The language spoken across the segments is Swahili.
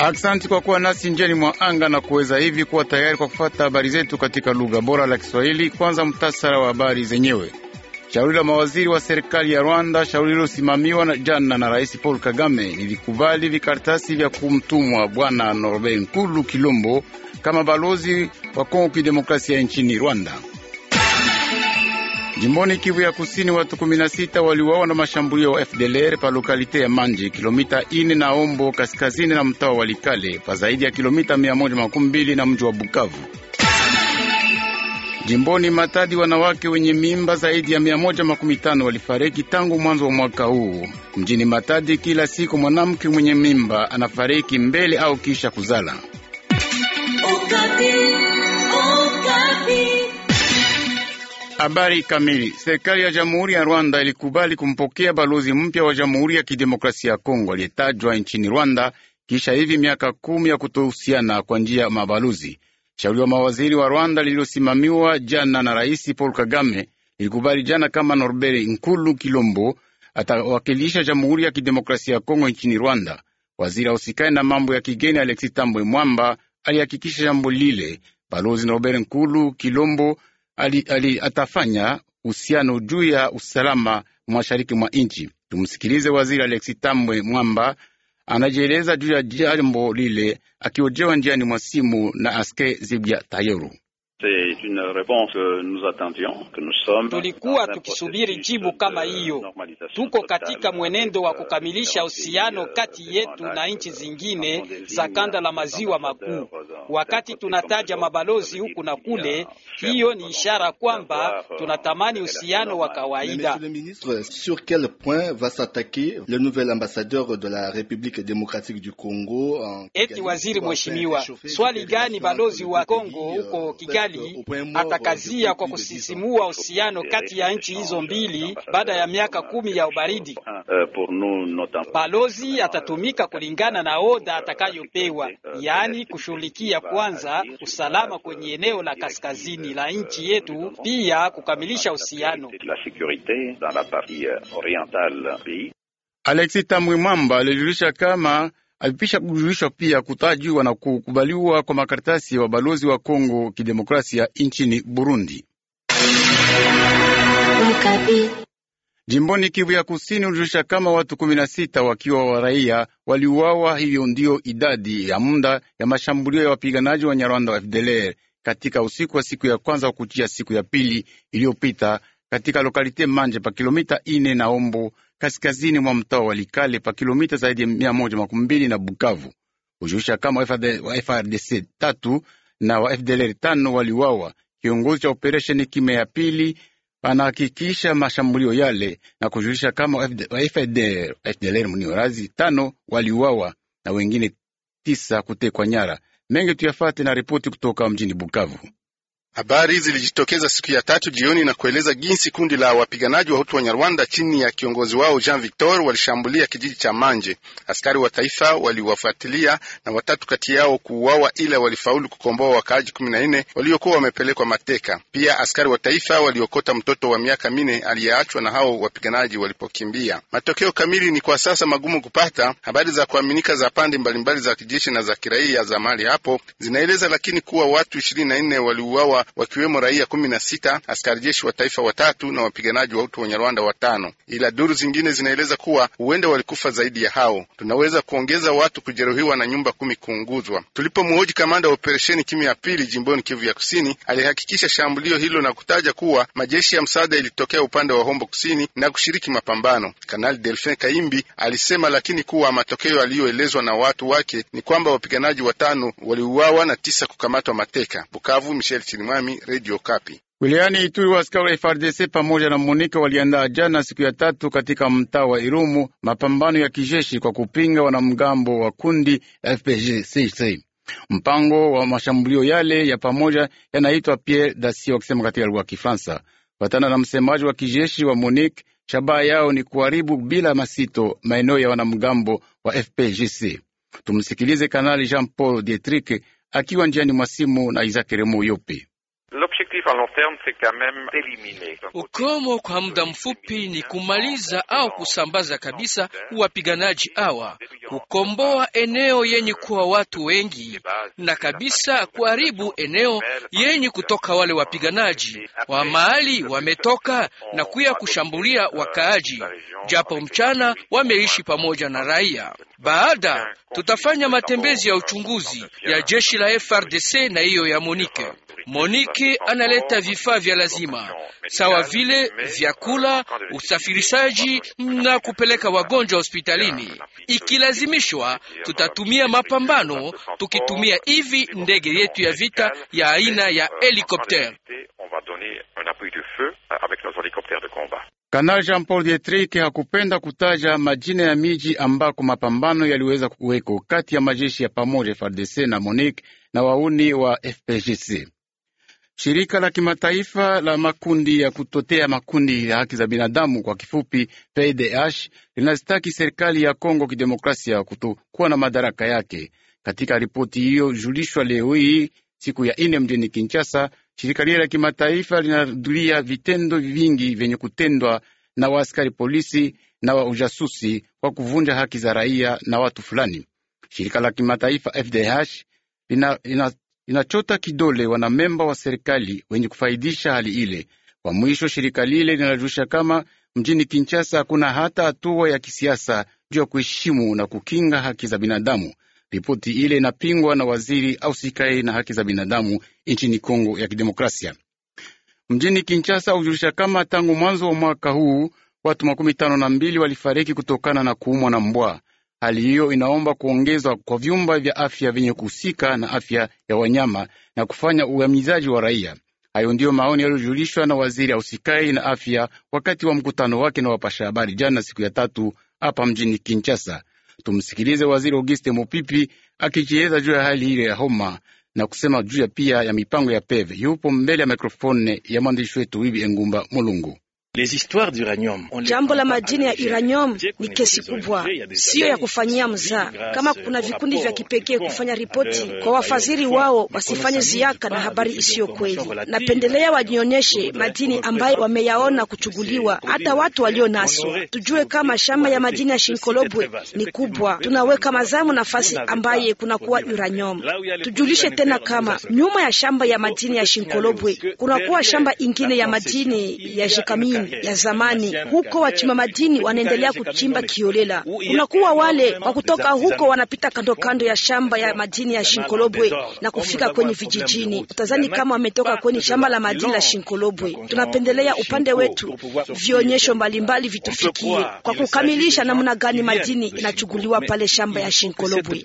Aksanti kwa kuwa nasi njeni mwa anga na kuweza hivi kuwa tayari kwa kufata habari zetu katika lugha bora la Kiswahili. Kwanza mtasara wa habari zenyewe. Shauri la mawaziri wa serikali ya Rwanda, shauri lilosimamiwa jana na Rais Paul Kagame, lilikubali vikaratasi vya kumtumwa Bwana Norbert Nkulu Kilombo kama balozi wa Kongo Kidemokrasia nchini Rwanda. Jimboni Kivu ya Kusini, watu 16 waliuawa na mashambulio wa FDLR pa lokalite ya Manji, kilomita ine na Ombo kaskazini na mtaa wa Likale, pa zaidi ya kilomita 112 na mji wa Bukavu. Jimboni Matadi, wanawake wenye mimba zaidi ya 115 walifariki tangu mwanzo wa mwaka huu mjini Matadi. Kila siku mwanamke mwenye mimba anafariki mbele au kisha kuzala. Habari kamili. Serikali ya Jamhuri ya Rwanda ilikubali kumpokea balozi mpya wa Jamhuri ya Kidemokrasia ya Kongo aliyetajwa nchini Rwanda kisha hivi miaka kumi ya kutohusiana kwa njia ya mabalozi. Shauri wa mawaziri wa Rwanda lililosimamiwa jana na Rais Paul Kagame lilikubali jana kama Norbert Nkulu Kilombo atawakilisha Jamhuri ya Kidemokrasia ya Kongo nchini Rwanda. Waziri ausikani na mambo ya kigeni Alexis Tambwe Mwamba alihakikisha jambo lile. Balozi Norbert Nkulu Kilombo ali, ali atafanya uhusiano juu ya usalama mashariki mwa nchi. Tumsikilize waziri Alexi Tambwe Mwamba anajieleza juu ya jambo lile, akiojewa njiani mwa simu na aske Zibya tayoru C'est une réponse que nous attendions, que nous sommes. Tulikuwa tukisubiri jibu kama hiyo. Tuko katika mwenendo wa kukamilisha uhusiano kati yetu na nchi zingine za kanda la maziwa makuu. Wakati tunataja mabalozi huku na kule, hiyo ni ishara kwamba euh, tunatamani uhusiano wa kawaida. Sur quel point va s'attaquer le nouvel ambassadeur de la République démocratique du Congo? Eti waziri mheshimiwa, swali gani balozi wa Kongo huko euh, Kigali serikali atakazia kwa kusisimua uhusiano kati ya nchi hizo mbili baada ya miaka kumi ya ubaridi. Eh, Balozi atatumika eh, kulingana na eh, oda atakayopewa, yaani kushughulikia kwanza usalama kwenye eneo la kaskazini la nchi yetu, pia kukamilisha uhusiano. Alexis Tamwi Mwamba alijulisha kama avipisha bujulishwa pia kutajwa na kukubaliwa kwa makaratasi wa balozi wa Kongo kidemokrasia nchini Burundi. Jimboni Kivu ya Kusini ulijulisha kama watu kumi na sita wakiwa wa raia waliuawa. Hiyo ndiyo idadi ya muda ya mashambulio ya wapiganaji wa Nyarwanda wa FDLR katika usiku wa siku ya kwanza wa kuchia siku ya pili iliyopita katika lokalite Manje pa kilomita ine na Ombo kaskazini mwa mtaa wa Likale pa kilomita zaidi ya mia moja makumi mbili na Bukavu. Kujulisha kama wa FRDC tatu na wa FDLR tano waliwawa. Kiongozi cha operesheni kime ya pili anahakikisha mashambulio yale na kujulisha kama wa FDLR, FDLR mniorazi tano waliwawa na wengine tisa kutekwa nyara. Mengi tuyafate na ripoti kutoka mjini Bukavu. Habari zilijitokeza siku ya tatu jioni na kueleza jinsi kundi la wapiganaji wa Hutu wa Nyarwanda chini ya kiongozi wao Jean Victor walishambulia kijiji cha Manje. Askari wa taifa waliwafuatilia na watatu kati yao kuuawa, ila walifaulu kukomboa wakaaji kumi na nne waliokuwa wamepelekwa mateka. Pia askari wa taifa waliokota mtoto wa miaka minne aliyeachwa na hao wapiganaji walipokimbia. Matokeo kamili ni kwa sasa magumu kupata. Habari za kuaminika za pande mbalimbali za kijeshi na za kiraia za mali hapo zinaeleza lakini kuwa watu ishirini na nne waliuawa wakiwemo raia kumi na sita, askari jeshi wa taifa watatu na wapiganaji wa utu wenye Rwanda watano, ila duru zingine zinaeleza kuwa huenda walikufa zaidi ya hao. Tunaweza kuongeza watu kujeruhiwa na nyumba kumi kuunguzwa. Tulipomhoji kamanda wa operesheni Kimi ya pili jimboni Kivu ya Kusini, alihakikisha shambulio hilo na kutaja kuwa majeshi ya msaada ilitokea upande wa Hombo Kusini na kushiriki mapambano. Kanali Delfin Kaimbi alisema lakini kuwa matokeo aliyoelezwa na watu wake ni kwamba wapiganaji watano waliuawa na tisa kukamatwa mateka. Bukavu, Michel Chilimwa. Kisangani, Radio Kapi. Wilayani Ituri, askari wa FARDC pamoja na MONUSCO waliandaa jana siku ya tatu katika mtaa wa Irumu mapambano ya kijeshi kwa kupinga wanamgambo wa kundi FPGC. Mpango wa mashambulio yale ya pamoja yanaitwa Pierre Dacier, wakisema katika lugha ya Kifaransa. na msemaji wa kijeshi wa MONUSCO, shabaha yao ni kuharibu bila masito maeneo ya wanamgambo wa FPGC. Tumsikilize Kanali Jean Paul Dietrich akiwa njiani mwa simu na Isaac Remo Yope. Ukomo kwa muda mfupi ni kumaliza au kusambaza kabisa wapiganaji hawa, kukomboa eneo yenye kuwa watu wengi na kabisa kuharibu eneo yenye kutoka wale wapiganaji wa mahali wametoka na kuya kushambulia wakaaji, japo mchana wameishi pamoja na raia. Baada tutafanya matembezi ya uchunguzi ya jeshi la FRDC na hiyo ya Monike. Monike analeta vifaa vya lazima sawa vile vyakula, usafirishaji na kupeleka wagonjwa hospitalini. Ikilazimishwa, tutatumia mapambano, tukitumia hivi ndege yetu ya vita ya aina ya helikoptera. Euh, avec nos hélicoptères de combat. Kanali Jean-Paul Dietrich hakupenda kutaja majina ya miji ambako mapambano yaliweza kuweko kati ya majeshi ya pamoja FARDC na MONUC na wauni wa FPGC. Shirika la kimataifa la makundi ya kutotea makundi ya haki za binadamu kwa kifupi PDH linazitaki serikali ya Kongo Kidemokrasia kutokuwa na madaraka yake. Katika ripoti hiyo julishwa leo hii siku ya ine mjini Kinshasa, Shirika lile la kimataifa linadulia vitendo vingi vyenye kutendwa na waaskari polisi na wa ujasusi kwa kuvunja haki za raia na watu fulani. Shirika la kimataifa FDH linachota kidole wanamemba wa serikali wenye kufaidisha hali ile. Kwa mwisho, shirika lile linajusha kama mjini Kinshasa hakuna hata hatua ya kisiasa juu ya kuheshimu na kukinga haki za binadamu. Ripoti ile inapingwa na waziri sikai na haki za binadamu nchini Kongo ya Kidemokrasia. Mjini Kinshasa hujulisha kama tangu mwanzo wa mwaka huu watu makumi tano na mbili walifariki kutokana na kuumwa na mbwa. Hali hiyo inaomba kuongezwa kwa vyumba vya afya vyenye kuhusika na afya ya wanyama na kufanya uhamizaji wa raia. Hayo ndiyo maoni yaliyojulishwa na waziri ausikai na afya wakati wa mkutano wake na wapasha habari jana siku ya tatu hapa mjini Kinshasa. Tumsikilize waziri Auguste Mopipi akijieleza juu ya hali ile ya homa na kusema juu ya pia ya mipango ya pev Yupo mbele ya mikrofone ya mwandishi wetu Wibi Engumba Mulungu. Jambo la madini ya uranium ni kesi kubwa, siyo ya kufanyia mzaa. Kama kuna vikundi vya kipekee kufanya ripoti kwa wafadhili wao, wasifanye ziaka na habari isiyo kweli. Napendelea wajionyeshe madini ambayo wameyaona kuchuguliwa, hata watu walio naso. Tujue kama shamba ya madini ya Shinkolobwe ni kubwa, tunaweka mazamu nafasi ambaye kunakuwa uranium. Tujulishe tena kama nyuma ya shamba ya madini ya Shinkolobwe kunakuwa shamba ingine ya madini ya Jekamini ya zamani. Huko wachimba madini wanaendelea kuchimba kiolela, kunakuwa wale wa kutoka huko wanapita kando kando ya shamba ya madini ya Shinkolobwe na kufika kwenye vijijini, utazani kama wametoka kwenye shamba la madini la Shinkolobwe. Tunapendelea upande wetu vionyesho mbalimbali vitufikie kwa kukamilisha namna gani madini inachuguliwa pale shamba ya Shinkolobwe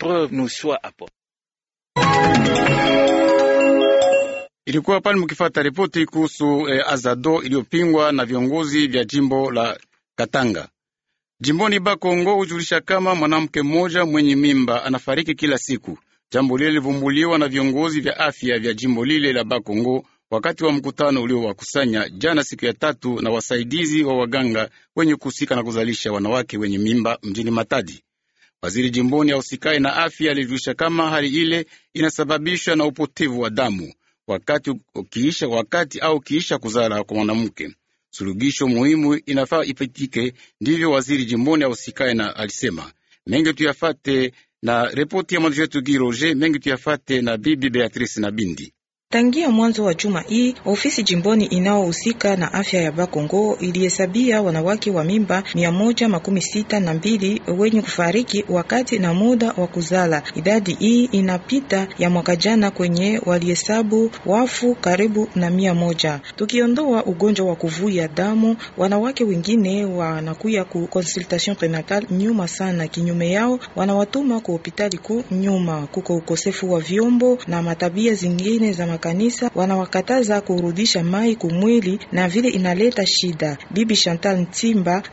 ilikuwa pale mkifata ripoti kuhusu eh, azado iliyopingwa na viongozi vya jimbo la Katanga jimboni Bakongo. Hujulisha kama mwanamke mmoja mwenye mimba anafariki kila siku. Jambo lile lilivumbuliwa na viongozi vya afya vya jimbo lile la Bakongo wakati wa mkutano uliowakusanya jana siku ya tatu na wasaidizi wa waganga wenye kuhusika na kuzalisha wanawake wenye mimba mjini Matadi. Waziri jimboni ahusikaye na afya alijulisha kama hali ile inasababishwa na upotevu wa damu wakati ukiisha, wakati au kiisha kuzala kwa mwanamke. Sulugisho muhimu inafaa ipitike, ndivyo waziri jimboni ausikae na alisema. Mengi tuyafate na repoti ya mwandishi wetu Giroje, mengi tuyafate na bibi Beatrice na Bindi. Tangia mwanzo wa juma hii ofisi jimboni inayohusika na afya ya Bakongo ilihesabia wanawake wa mimba mia moja makumi sita na mbili wenye kufariki wakati na muda wa kuzala. Idadi hii inapita ya mwaka jana kwenye walihesabu wafu karibu na mia moja. Tukiondoa ugonjwa wa kuvuja damu, wanawake wengine wanakuya ku consultation prenatal nyuma sana. Kinyume yao wanawatuma ku hopitali kuu nyuma. Kuko ukosefu wa vyombo na matabia zingine za kanisa wanawakataza kurudisha mai kumwili na vile inaleta shida. Bibi Chantal Ntimba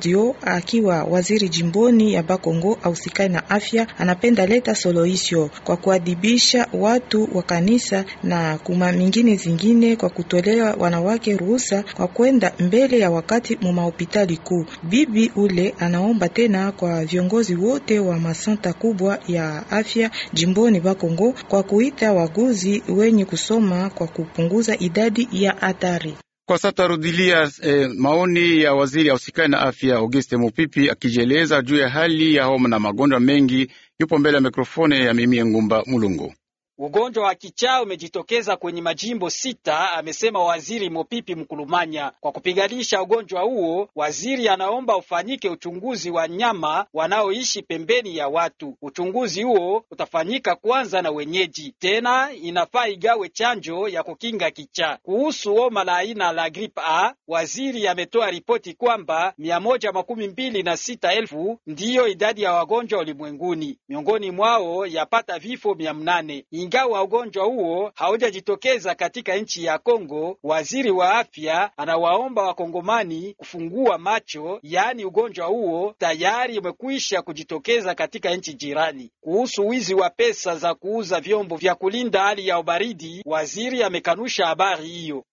dio akiwa waziri jimboni ya Bakongo ausikai na afya, anapenda leta solohisho kwa kuadibisha watu wa kanisa na kuma mingine zingine kwa kutolewa wanawake ruhusa kwa kwenda mbele ya wakati mu mahopitali kuu. Bibi ule anaomba tena kwa viongozi wote wa masanta kubwa ya afya jimboni Bakongo kwa kuita waguzi we wenye kusoma kwa kupunguza idadi ya hatari. Kwa sasa tarudilia eh, maoni ya waziri usikani na afya Auguste Mupipi akijieleza juu ya hali ya homa na magonjwa mengi. Yupo mbele ya mikrofone ya Mimie Ngumba Mulungu. Ugonjwa wa kichaa umejitokeza kwenye majimbo sita, amesema Waziri Mopipi Mkulumanya. Kwa kupiganisha ugonjwa huo, waziri anaomba ufanyike uchunguzi wa nyama wanaoishi pembeni ya watu. Uchunguzi huo utafanyika kwanza na wenyeji, tena inafaa igawe chanjo ya kukinga kichaa. Kuhusu homa la aina la grip A, waziri ametoa ripoti kwamba mia moja makumi mbili na sita elfu ndiyo idadi ya wagonjwa ulimwenguni, miongoni mwao yapata vifo mia mnane. Ingawa ugonjwa huo haujajitokeza katika nchi ya Kongo, waziri wa afya anawaomba wakongomani kufungua macho, yaani ugonjwa huo tayari umekwisha kujitokeza katika nchi jirani. Kuhusu wizi wa pesa za kuuza vyombo vya kulinda hali ya ubaridi, waziri amekanusha habari hiyo.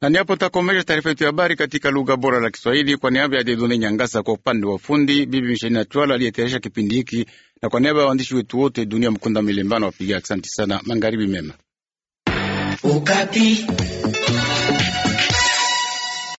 Na niapo takomesha taarifa yetu ya habari katika lugha bora la Kiswahili kwa niaba ya Dedone Nyangasa kwa upande wa fundi, bibi Mshaina Chwala aliyetayarisha kipindi hiki, na kwa niaba ya waandishi wetu wote, Dunia Mkunda Milembano wapiga. Asante sana, magharibi mema. Ukapi.